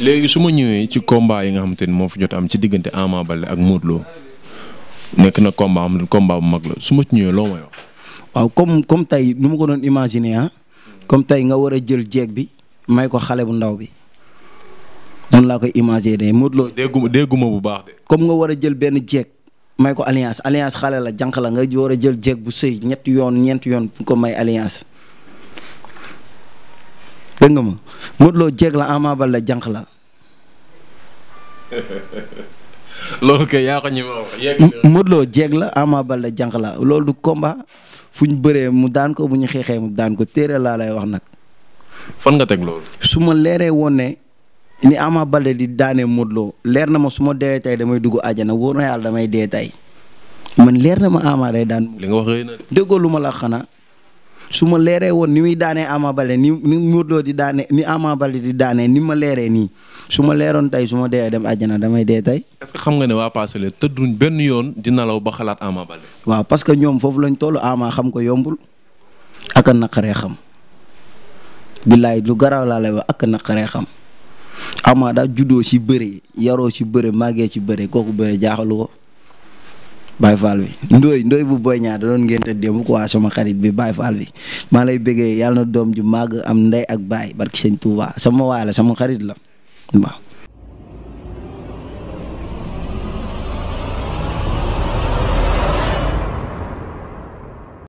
léegi su ma ñëwee ci combat yi nga xam ni moom fi jot am ci diggante Ama bale ak Modou Lo nekk na combat am combat bu mag la su ma ci ñëwee loo may wax. waaw comme comme tey nu ma ko doon imaginer ah. comme tey nga war a jël jeeg bi may ko xale bu ndaw bi noonu laa koy imaginer Modou Lo. dégguma dégguma bu baax de. comme nga war a jël benn jeeg may ko alliance alliance xale la jànq la nga war a jël jeeg bu sëy ñetti yoon ñeenti yoon ko may alliance. dégg nga ma jeeg la Ama Baldé jànq la. loolu kay jeeg la Ama Baldé la loolu du komba fu ñu bëree mu daan ko bu ñu xeexee mu daan ko téere laa lay wax nag. fan nga teg loolu. su ma leeree woon ne ni Ama Baldé di daanee Modou Lo leer na ma su ma dee tey damay dugg àjjana wóor na yàlla damay dee tey man leer na ma Ama day daan. li nga la xanaa. su ma leeree woon ni muy daanee Ama bale ni ni Modou Lô di daanee ni Ama Baldé di daanee ni ma leeree nii su ma leeroon tey su ma dee dem àjjana damay dee tey. est que xam nga ne waa Pacelle tëdduñ benn yoon di nalaw ba xalaat Ama Baldé. waaw parce que ñoom foofu lañ tollu amaa xam ko yombul ak naqaree xam billaay lu garaaw laa lay wax ak a naqaree xam Ama daa juddoo ci bëre yaroo ci bëre màggee ci bëre kooku bëre jaaxalu ko. Baye Fall bi ndooy ndooy bu Boy Niang da doon ngénte démb quoi sama xarit bi Baye Fall bi maa lay bëggee yàlla na doom ju màgg am ndey ak baay barki sëñ Touba sama waay la sama xarit la waaw.